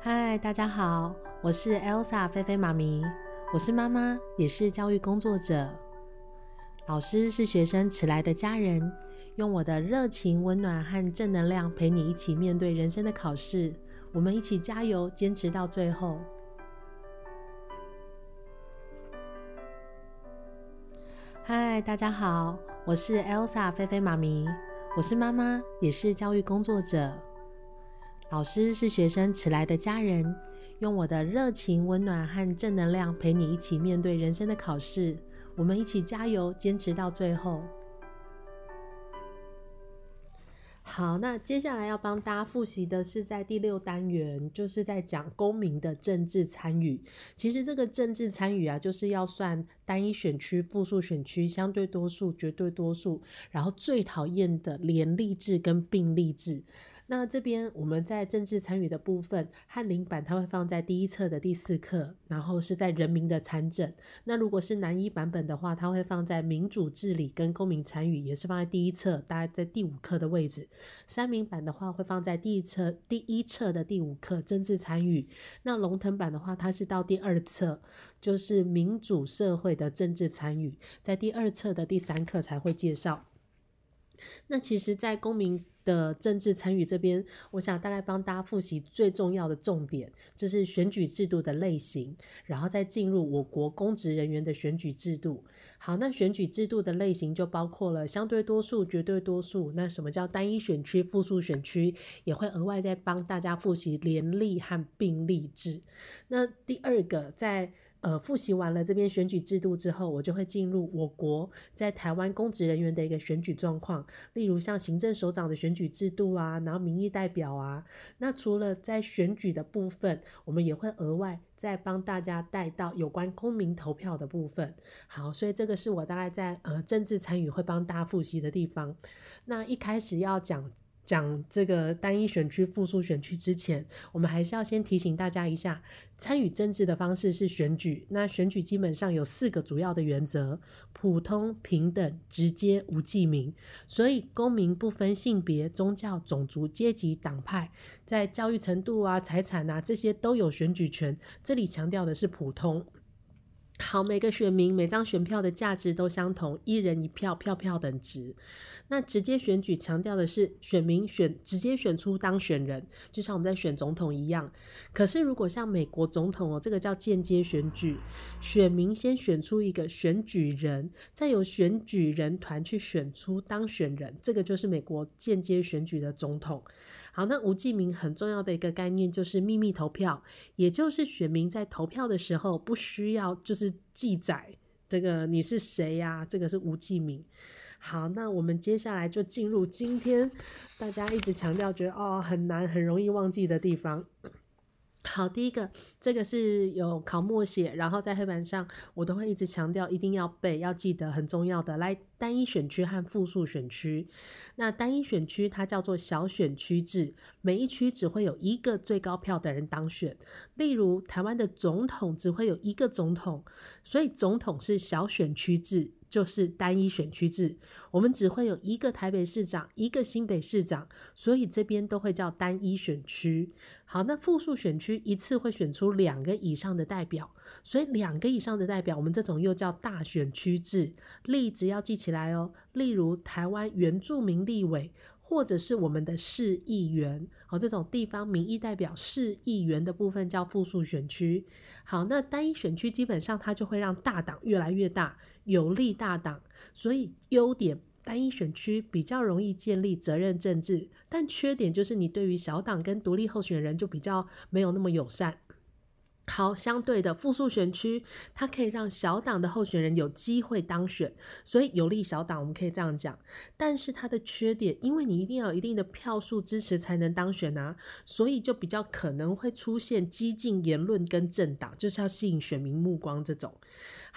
嗨，Hi, 大家好，我是 Elsa 菲菲媽咪，我是媽媽，也是教育工作者。老師是學生遲來的家人，用我的熱情、溫暖和正能量陪你一起面對人生的考試，我們一起加油，堅持到最後。嗨，大家好，我是 Elsa 菲菲媽咪，我是媽媽，也是教育工作者。老師是學生遲來的家人，用我的熱情、溫暖和正能量陪你一起面對人生的考試。我們一起加油，堅持到最後。好，那接下來要幫大家複習的是在第六單元，就是在講公民的政治參與。其實這個政治參與啊，就是要算單一選區、複數選區、相對多數、絕對多數，然後最討厭的聯立制跟並立制。那這邊我們在政治參與的部分，翰林版它會放在第一冊的第四課，然後是在人民的參政。那如果是南一版本的話，它會放在民主治理跟公民參與，也是放在第一冊，大概在第五課的位置。三民版的話會放在第一冊第一冊的第五課政治參與。那龍騰版的話，它是到第二冊，就是民主社會的政治參與，在第二冊的第三課才會介紹。那其實，在公民。的政治參與這邊，我想大概幫大家複習最重要的重點，就是選舉制度的類型，然後再進入我國公職人員的選舉制度。好，那選舉制度的類型就包括了相對多數、絕對多數。那什麼叫單一選區、複數選區？也會額外再幫大家複習聯立和並立制。那第二個在。呃，複習完了這邊選舉制度之後，我就會進入我國在台灣公職人員的一個選舉狀況，例如像行政首長的選舉制度啊，然後民意代表啊。那除了在選舉的部分，我們也會額外再幫大家帶到有關公民投票的部分。好，所以這個是我大概在呃政治參與會幫大家複習的地方。那一開始要講。講這個單一選區複數選區之前，我們還是要先提醒大家一下，參與政治的方式是選舉。那選舉基本上有四個主要的原則：普通、平等、直接、無記名。所以公民不分性別、宗教、種族、階級、黨派，在教育程度啊、財產啊這些都有選舉權。這裡強調的是普通。好，每個選民每張選票的價值都相同，一人一票，票票等值。那直接選舉強調的是選民選直接選出當選人，就像我們在選總統一樣。可是如果像美國總統哦，這個叫間接選舉，選民先選出一個選舉人，再由選舉人團去選出當選人，這個就是美國間接選舉的總統。好，那無記名很重要的一個概念就是秘密投票，也就是選民在投票的時候不需要就是記載這個你是誰呀、啊，這個是無記名。好，那我們接下來就進入今天大家一直強調，覺得哦很難很容易忘記的地方。好，第一個，這個是有考默寫，然後在黑板上，我都會一直強調，一定要背，要記得，很重要的。來，單一選區和複數選區。那單一選區它叫做小選區制，每一區只會有一個最高票的人當選。例如，台灣的總統只會有一個總統，所以總統是小選區制。就是單一選區制，我們只會有一個台北市長，一個新北市長，所以這邊都會叫單一選區。好，那複數選區一次會選出兩個以上的代表，所以兩個以上的代表，我們這種又叫大選區制。例子要記起來哦，例如台灣原住民立委。或者是我們的市議員，好、哦，這種地方民意代表市議員的部分叫複數選區。好，那單一選區基本上它就會讓大黨越來越大，有利大黨。所以優點，單一選區比較容易建立責任政治，但缺點就是你對於小黨跟獨立候選人就比較沒有那麼友善。好，相對的複數選區，它可以讓小黨的候選人有機會當選，所以有利小黨，我們可以這樣講。但是它的缺點，因為你一定要有一定的票數支持才能當選啊，所以就比較可能會出現激進言論跟政黨，就是要吸引選民目光這種。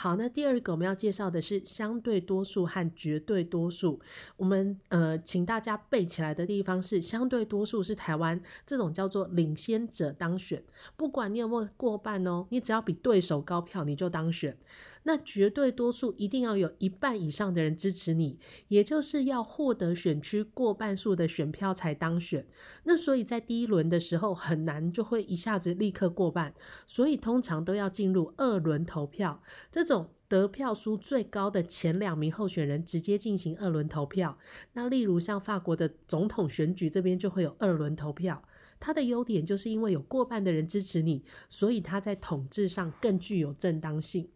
好，那第二個我們要介紹的是相對多數和絕對多數。我們呃，請大家背起來的地方是相對多數是台灣這種叫做領先者當選，不管你有沒有過半哦，你只要比對手高票，你就當選。那絕對多數一定要有一半以上的人支持你，也就是要獲得選區過半數的選票才當選。那所以，在第一輪的時候很難就會一下子立刻過半，所以通常都要進入二輪投票。這種得票數最高的前兩名候選人直接進行二輪投票。那例如像法國的總統選舉，這邊就會有二輪投票。它的優點就是因為有過半的人支持你，所以它在統治上更具有正當性。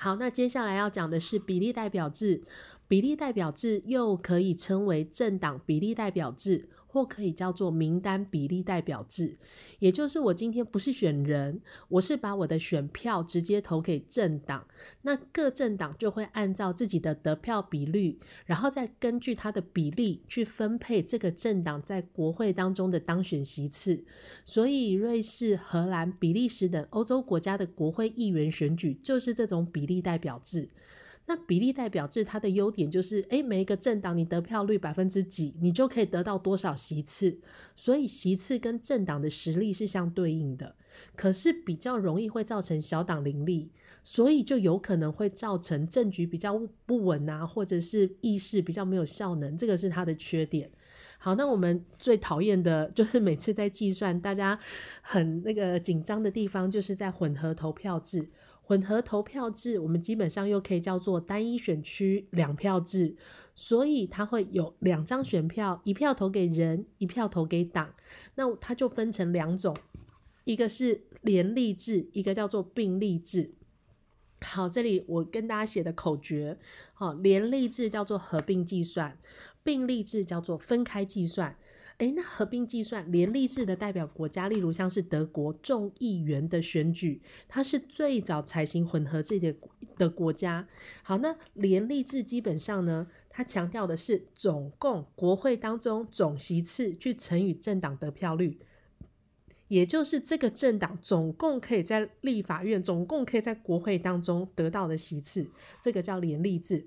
好，那接下來要講的是比例代表制。比例代表制又可以稱為政黨比例代表制。或可以叫做名單比例代表制，也就是我今天不是選人，我是把我的選票直接投給政黨，那各政黨就會按照自己的得票比率，然後再根據它的比例去分配這個政黨在國會當中的當選席次。所以，瑞士、荷蘭、比利時等歐洲國家的國會議員選舉就是這種比例代表制。那比例代表制它的優點就是，誒，每一個政黨你得票率百分之幾，你就可以得到多少席次，所以席次跟政黨的實力是相對應的。可是比較容易會造成小黨林立，所以就有可能會造成政局比較不穩啊，或者是議事比較沒有效能，這個是它的缺點。好，那我們最討厭的就是每次在計算大家很那個緊張的地方，就是在混合投票制。混合投票制，我們基本上又可以叫做單一選區兩票制，所以它會有兩張選票，一票投給人，一票投給黨，那它就分成兩種，一個是聯立制，一個叫做並立制。好，這裡我跟大家寫的口訣，好，聯立制叫做合併計算，並立制叫做分開計算。哎，那合併計算聯立制的代表國家，例如像是德國眾議員的選舉，它是最早採行混合制的的國家。好，那聯立制基本上呢，它強調的是總共國會當中總席次去乘以政黨得票率，也就是這個政黨總共可以在立法院、總共可以在國會當中得到的席次，這個叫聯立制。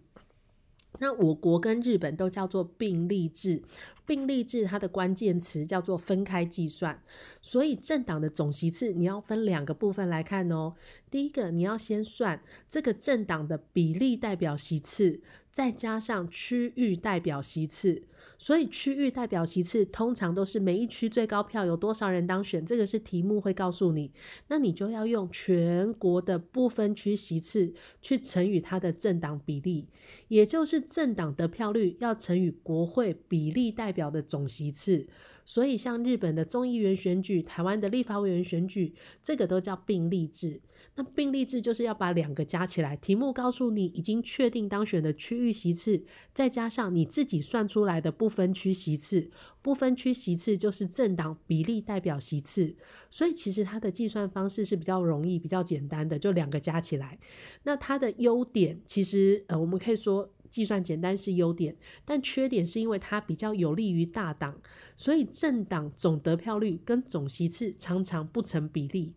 那我國跟日本都叫做並立制，並立制它的關鍵詞叫做分開計算，所以政黨的總席次你要分兩個部分來看哦。第一個，你要先算這個政黨的比例代表席次，再加上區域代表席次。所以區域代表席次通常都是每一區最高票有多少人當選，這個是題目會告訴你，那你就要用全國的不分區席次去乘以它的政黨比例，也就是政黨得票率要乘以國會比例代表的總席次。所以像日本的眾議員選舉、台灣的立法委員選舉，這個都叫並立制。那並立制就是要把兩個加起來。題目告訴你已經確定當選的區域席次，再加上你自己算出來的不分區席次。不分區席次就是政黨比例代表席次，所以其實它的計算方式是比較容易，比較簡單的，就兩個加起來。那它的優點其實呃，我們可以說計算簡單是優點，但缺點是因為它比較有利於大黨，所以政黨總得票率跟總席次常常不成比例。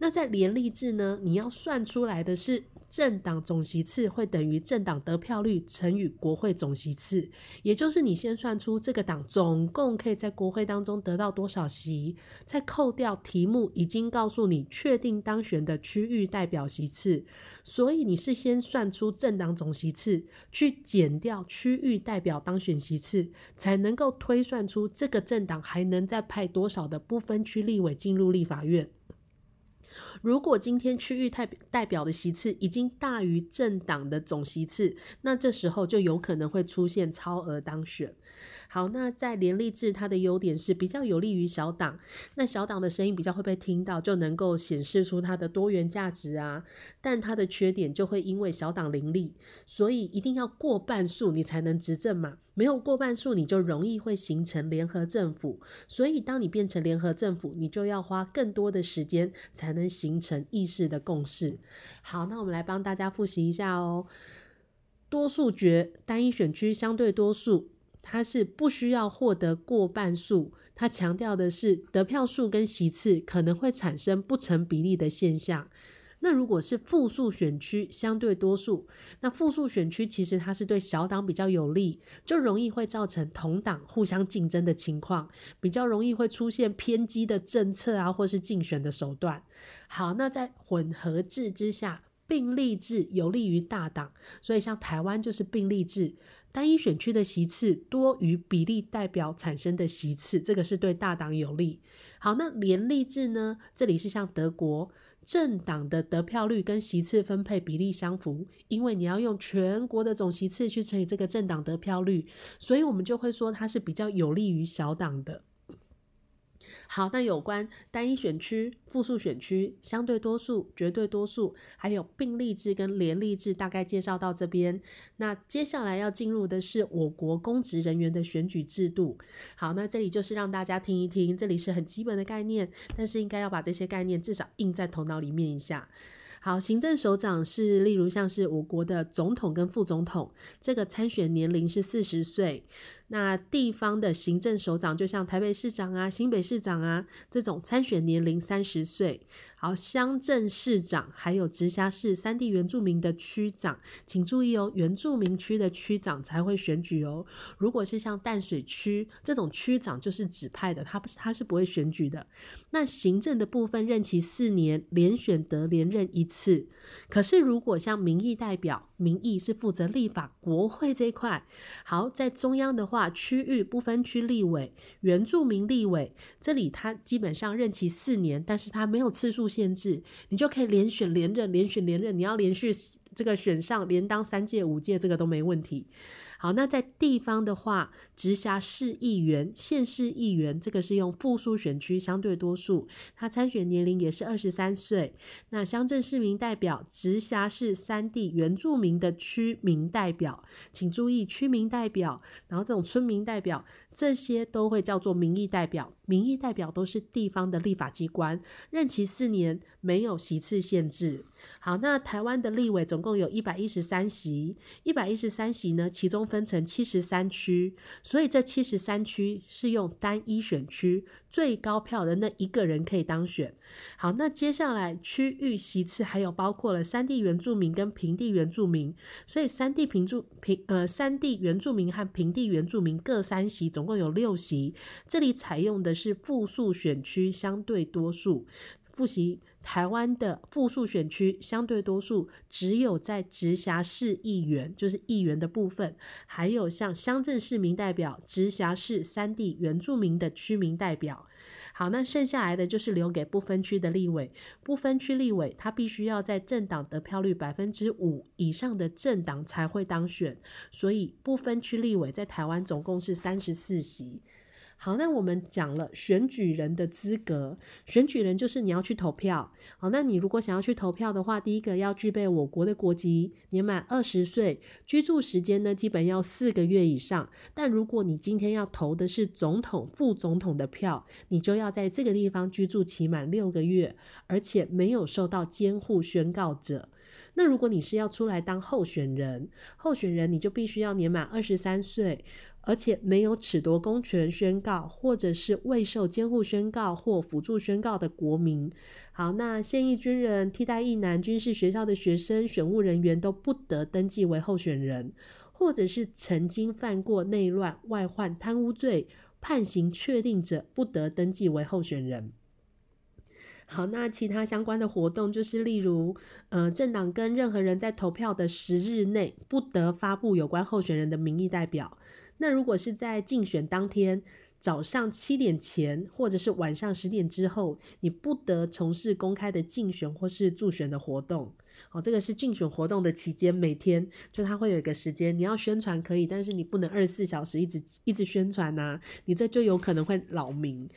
那在聯立制呢？你要算出來的是政黨總席次會等於政黨得票率乘以國會總席次，也就是你先算出這個黨總共可以在國會當中得到多少席，再扣掉題目已經告訴你確定當選的區域代表席次，所以你是先算出政黨總席次，去減掉區域代表當選席次，才能夠推算出這個政黨還能再派多少的不分區立委進入立法院。如果今天區域代表的席次已經大於政黨的總席次，那這時候就有可能會出現超額當選。好，那在聯立制，它的優點是比較有利於小黨，那小黨的聲音比較會被聽到，就能夠顯示出它的多元價值啊。但它的缺點就會因為小黨林立，所以一定要過半數你才能執政嘛，沒有過半數你就容易會形成聯合政府。所以當你變成聯合政府，你就要花更多的時間才能形成議事的共識。好，那我們來幫大家複習一下哦、喔，多數決、單一選區相對多數。它是不需要獲得過半數，它強調的是得票數跟席次可能會產生不成比例的現象。那如果是複數選區相對多數，那複數選區其實它是對小黨比較有利，就容易會造成同黨互相競爭的情況，比較容易會出現偏激的政策啊，或是競選的手段。好，那在混合制之下，並立制有利於大黨，所以像台灣就是並立制。單一選區的席次多於比例代表產生的席次，這個是對大黨有利。好，那聯立制呢？這裡是像德國，政黨的得票率跟席次分配比例相符，因為你要用全國的總席次去乘以這個政黨得票率，所以我們就會說它是比較有利於小黨的。好，那有關單一選區、複數選區、相對多數、絕對多數，還有並立制跟聯立制，大概介紹到這邊。那接下來要進入的是我國公職人員的選舉制度。好，那這裡就是讓大家聽一聽，這裡是很基本的概念，但是應該要把這些概念至少印在頭腦裡面一下。好，行政首長是例如像是我國的總統跟副總統，這個參選年齡是四十歲。那地方的行政首長，就像台北市長啊、新北市長啊這種參選年齡三十歲。好，鄉鎮市長還有直轄市山地原住民的區長，請注意哦，原住民區的區長才會選舉哦。如果是像淡水區這種區長就是指派的，他不是，他是不會選舉的。那行政的部分任期四年，連選得連任一次。可是如果像民意代表，民意是負責立法國會這一塊。好，在中央的話，區域不分區立委、原住民立委，這裡他基本上任期四年，但是他沒有次數限制，你就可以連選連任，連選連任，你要連續這個選上，連當三屆、五屆，這個都沒問題。好，那在地方的話，直轄市議員、縣市議員，這個是用複數選區相對多數，他參選年齡也是二十三歲。那鄉鎮市民代表、直轄市山地原住民的區民代表，請注意區民代表，然後這種村民代表。這些都會叫做民意代表，民意代表都是地方的立法機關，任期四年，沒有席次限制。好，那台灣的立委總共有一百一十三席，一百一十三席呢，其中分成七十三區，所以這七十三區是用單一選區。最高票的那一個人可以當選。好，那接下來區域席次還有包括了山地原住民跟平地原住民，所以山地平住平呃山地原住民和平地原住民各三席，總共有六席。這裡採用的是複數選區相對多數，複習。台灣的複數選區相對多數，只有在直轄市議員，就是議員的部分，還有像鄉鎮市民代表、直轄市三地原住民的區民代表。好，那剩下來的就是留給不分區的立委。不分區立委他必須要在政黨得票率百分之五以上的政黨才會當選，所以不分區立委在台灣總共是三十四席。好，那我們講了選舉人的資格，選舉人就是你要去投票。好，那你如果想要去投票的話，第一個要具備我國的國籍，年滿二十歲，居住時間呢，基本要四個月以上。但如果你今天要投的是總統、副總統的票，你就要在這個地方居住期滿六個月，而且沒有受到監護宣告者。那如果你是要出來當候選人，候選人你就必須要年滿二十三歲。而且沒有褫奪公權宣告，或者是未受監護宣告或輔助宣告的國民。好，那現役軍人、替代役男、軍事學校的學生、選務人員都不得登記為候選人，或者是曾經犯過內亂、外患、貪污罪判刑確定者，不得登記為候選人。好，那其他相關的活動就是例如，呃，政黨跟任何人在投票的十日內不得發布有關候選人的民意代表。那如果是在競選當天早上七點前，或者是晚上十點之後，你不得從事公開的競選或是助選的活動。哦，這個是競選活動的期間，每天就它會有一個時間，你要宣傳可以，但是你不能二十四小時一直一直宣傳吶、啊，你這就有可能會擾民。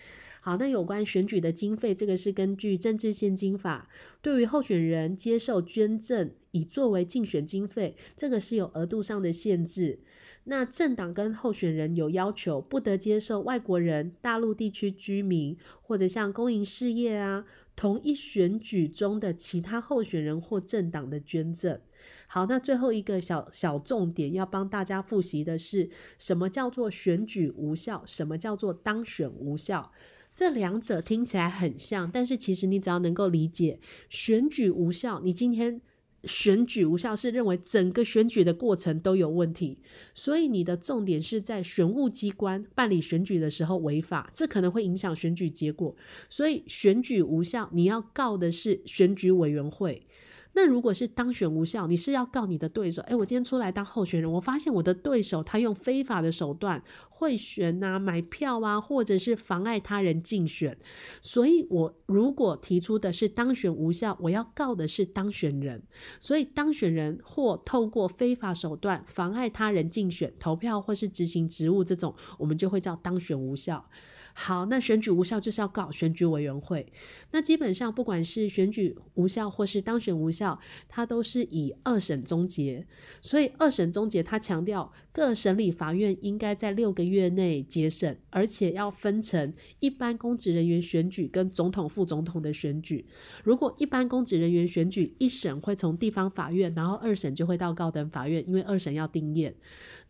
好，那有關選舉的經費，這個是根據政治獻金法，對於候選人接受捐贈。以作為競選經費，這個是有額度上的限制。那政黨跟候選人有要求，不得接受外國人、大陸地區居民或者像公營事業啊，同一選舉中的其他候選人或政黨的捐贈。好，那最後一個小小重點要幫大家複習的是，什麼叫做選舉無效？什麼叫做當選無效？這兩者聽起來很像，但是其實你只要能夠理解，選舉無效，你今天。選舉無效是認為整個選舉的過程都有問題，所以你的重點是在選務機關辦理選舉的時候違法，這可能會影響選舉結果，所以選舉無效，你要告的是選舉委員會。那如果是當選無效，你是要告你的對手？誒，我今天出來當候選人，我發現我的對手他用非法的手段賄選吶、啊、買票啊，或者是妨礙他人競選，所以我如果提出的是當選無效，我要告的是當選人。所以當選人或透過非法手段妨礙他人競選、投票或是執行職務這種，我們就會叫當選無效。好，那選舉無效就是要告選舉委員會。那基本上，不管是選舉無效或是當選無效，它都是以二審終結。所以二審終結，它強調各審理法院應該在六個月內結審，而且要分成一般公職人員選舉跟總統副總統的選舉。如果一般公職人員選舉一審會從地方法院，然後二審就會到高等法院，因為二審要定讞。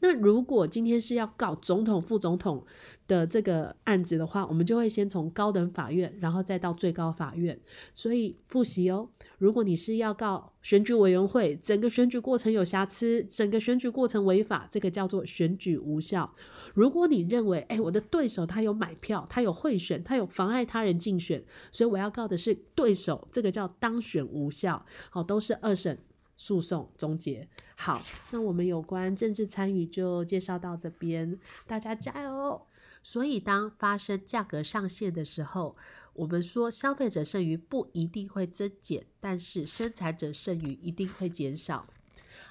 那如果今天是要告總統副總統，的這個案子的話，我們就會先從高等法院，然後再到最高法院。所以複習哦，如果你是要告選舉委員會，整個選舉過程有瑕疵，整個選舉過程違法，這個叫做選舉無效。如果你認為，哎、欸，我的對手他有買票，他有賄選，他有妨礙他人競選，所以我要告的是對手，這個叫當選無效。好，都是二審訴訟終結。好，那我們有關政治參與就介紹到這邊，大家加油。所以，當發生價格上限的時候，我們說消費者剩餘不一定會增減，但是生產者剩餘一定會減少。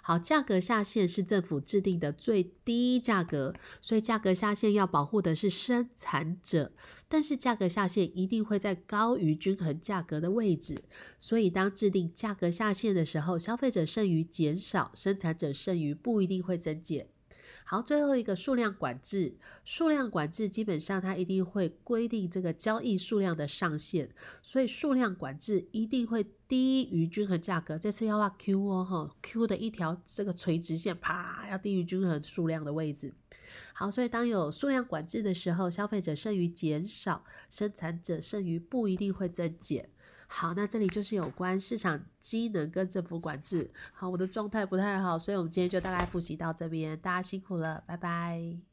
好，價格下限是政府制定的最低價格，所以價格下限要保護的是生產者，但是價格下限一定會在高於均衡價格的位置。所以，當制定價格下限的時候，消費者剩餘減少，生產者剩餘不一定會增減。好，最後一個數量管制。數量管制基本上它一定會規定這個交易數量的上限，所以數量管制一定會低於均衡價格。這次要畫 Q 哦，吼、哦、Q 的一條這個垂直線，啪，要低於均衡數量的位置。好，所以當有數量管制的時候，消費者剩餘減少，生產者剩餘不一定會增減。好，那這裡就是有關市場機能跟政府管制。好，我的狀態不太好，所以我們今天就大概複習到這邊，大家辛苦了，拜拜。